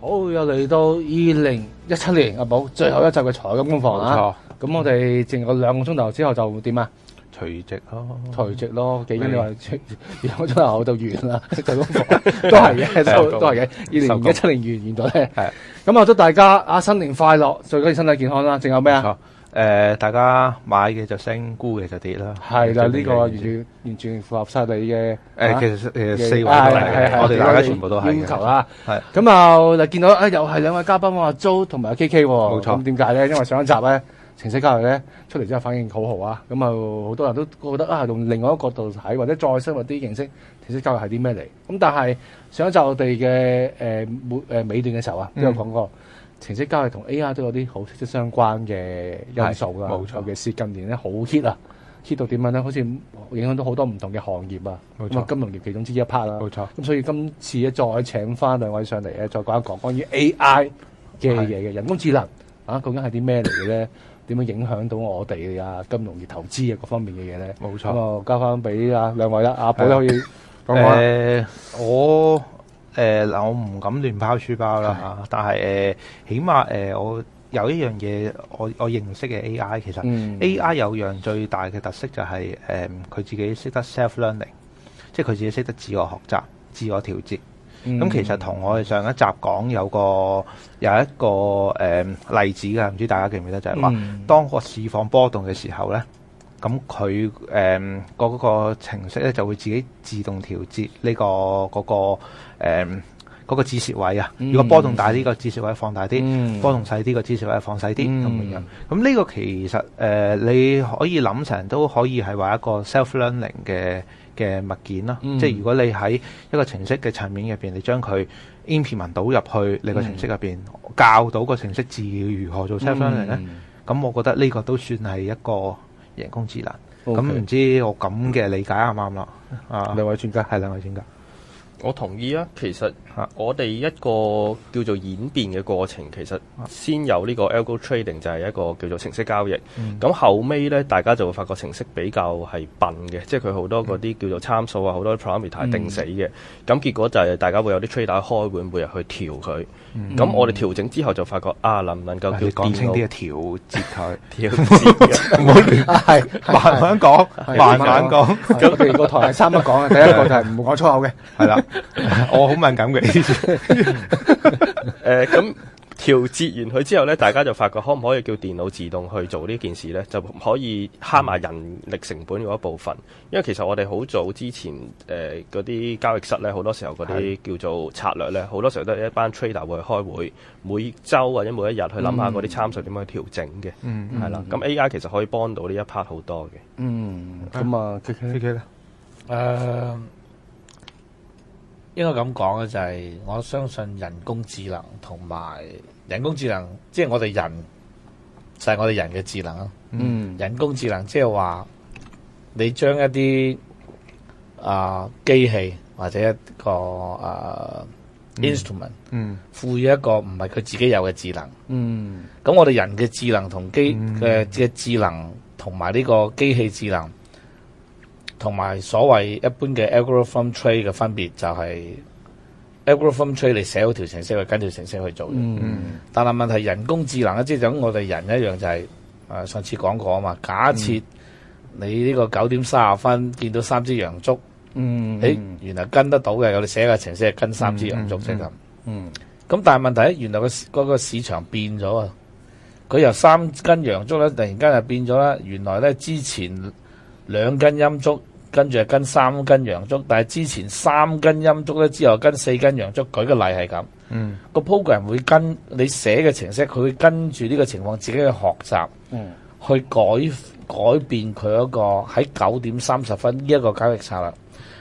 好，又嚟到二零一七年，阿寶最後一集嘅財金工房啦。咁錯我哋剩個兩個鐘頭之後就點啊？除夕咯，除夕咯。幾對 個兩鐘頭我就完啦，工 房都係嘅，都係嘅。對二零一七年完完咗咧。係對。咁啊，祝大家啊新年快樂，最緊要身體健康啦。仲有咩啊？大家買嘅就升，沽嘅就跌啦。係啦的，呢個完全完全符合曬你嘅、啊、其，其實四維、哎、我哋大家全部都係嘅。咁啊，嗱的，見到兩個的啊，又係兩位嘉賓阿 Joe 同埋 K K 喎。冇的、啊啊、錯。咁點解咧？因為上一集咧，程式交易咧出嚟之後反應好好啊。咁啊，好多人都覺得啊，啊，用另外一個角度睇，或者再深入啲認識，程式交易係啲咩嚟。咁但係上一集我哋嘅誒尾段嘅時候啊，都有講過。嗯程式交易同 A.I. 都有啲好息息相關嘅因素㗎，尤其是近年咧好 hit 啊，hit 到點樣咧？好似影響到好多唔同嘅行業啊，冇錯，金融業其中之一 part 啦。冇錯，咁、啊、所以今次咧再請翻兩位上嚟咧，再講一講關於 A.I. 嘅嘢嘅人工智能係啊，究竟係啲咩嚟嘅咧？點樣影響到我哋啊金融業投資啊各方面嘅嘢咧？冇錯，啊、交翻俾啊兩位啦，阿、啊、寶可以講我、啊嗯、我。誒嗱、呃，我唔敢亂拋書包啦吓，但係誒、呃，起碼誒、呃，我有一樣嘢我我認識嘅 A I，其實 A I 有樣最大嘅特色就係誒佢自己識得 self learning，即係佢自己識得自我學習、自我調節。咁、嗯嗯嗯、其實同我哋上一集講有個有一個誒、呃、例子㗎，唔知大家記唔記得就係、是、話當個市況波動嘅時候呢。咁佢誒嗰個程式咧就會自己自動調節呢個嗰誒、嗰個嗰止蝕位啊。嗯、如果波動大啲，個止蝕位放大啲；嗯、波動細啲，個止蝕位放細啲咁樣樣，咁呢、嗯、個其實誒、呃、你可以諗成都可以係話一個 self-learning 嘅嘅物件咯。嗯、即係如果你喺一個程式嘅層面入邊，你將佢 implement 倒入去你程個程式入邊，教到個程式自如何做 self-learning 咧。咁、嗯、我覺得呢個都算係一個。人工智能，咁唔 Okay. 知我咁嘅理解啱唔啱啦？啊，兩位專家係兩位專家。我同意啊，其實我哋一個叫做演變嘅過程，其實先有呢個 algo trading 就係一個叫做程式交易。咁後尾呢，大家就發覺程式比較係笨嘅，即係佢好多嗰啲叫做參數啊，好多 parameter 定死嘅。咁結果就係大家會有啲 trader 開會每日去調佢。咁我哋調整之後就發覺啊，能唔能夠叫講清啲啊？調節佢，調節啊，係慢慢講，慢慢講。咁譬如個台三一講嘅，第一個就係唔好講粗口嘅，係啦。 我好敏感嘅、 呃，誒，咁調節完佢之後呢，大家就發覺可唔可以叫電腦自動去做呢件事呢？就可以慳埋人力成本嗰一部分。因為其實我哋好早之前，誒、呃，嗰啲交易室呢，好多時候嗰啲叫做策略呢，好多時候都係一班 trader 會去開會，每周或者每一日去諗下嗰啲參數點樣去調整嘅，係啦、嗯。咁 AI 其實可以幫到呢一 part 好多嘅。嗯，咁啊、嗯、，K K 咧，uh 應該咁講嘅就係我相信人工智能同埋人工智能，即、就、係、是、我哋人就係、是、我哋人嘅智能。嗯，人工智能即係話你將一啲啊、呃、機器或者一個啊 instrument，賦予一個唔係佢自己有嘅智能。嗯，咁我哋人嘅智能同機嘅嘅、嗯、智能同埋呢個機器智能。同埋所謂一般嘅 algorithm trade 嘅分別就係 algorithm trade 你寫好條程式，去跟條程式去做、嗯。但係問題人工智能，即係就咁、是、我哋人一樣、就係，就、啊、係上次講過啊嘛。假設你呢個九點三十分見到三支陽燭、嗯嗯，原來跟得到嘅，我哋寫嘅程式係跟三支陽燭先咁。咁、嗯嗯嗯嗯、但係問題，原來個嗰個市場變咗啊！佢由三根陽燭咧，突然間就變咗啦。原來咧之前，兩根陰燭，跟住跟三根陽燭。但係之前三根陰燭之後，之後跟四根陽燭。舉個例係咁，個、嗯、program 會跟你寫嘅程式，佢會跟住呢個情況自己去學習，嗯、去改改變佢一個喺九點三十分呢一個交易策略。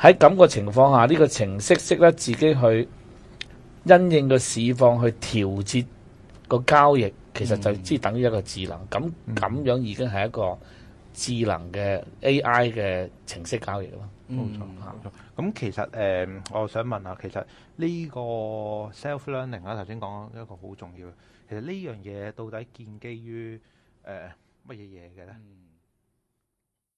喺咁嘅情況下，呢、呢個程式識得自己去因應個市況去調節個交易，其實就即係等於一個智能。咁咁樣已經係一個。智能嘅 AI 嘅程式交易咯、嗯，冇錯，冇錯。咁其實誒、呃、我想問下，其實呢個 self learning 啦，頭先講一個好重要嘅，其實呢樣嘢到底建基於誒乜嘢嘢嘅咧？呃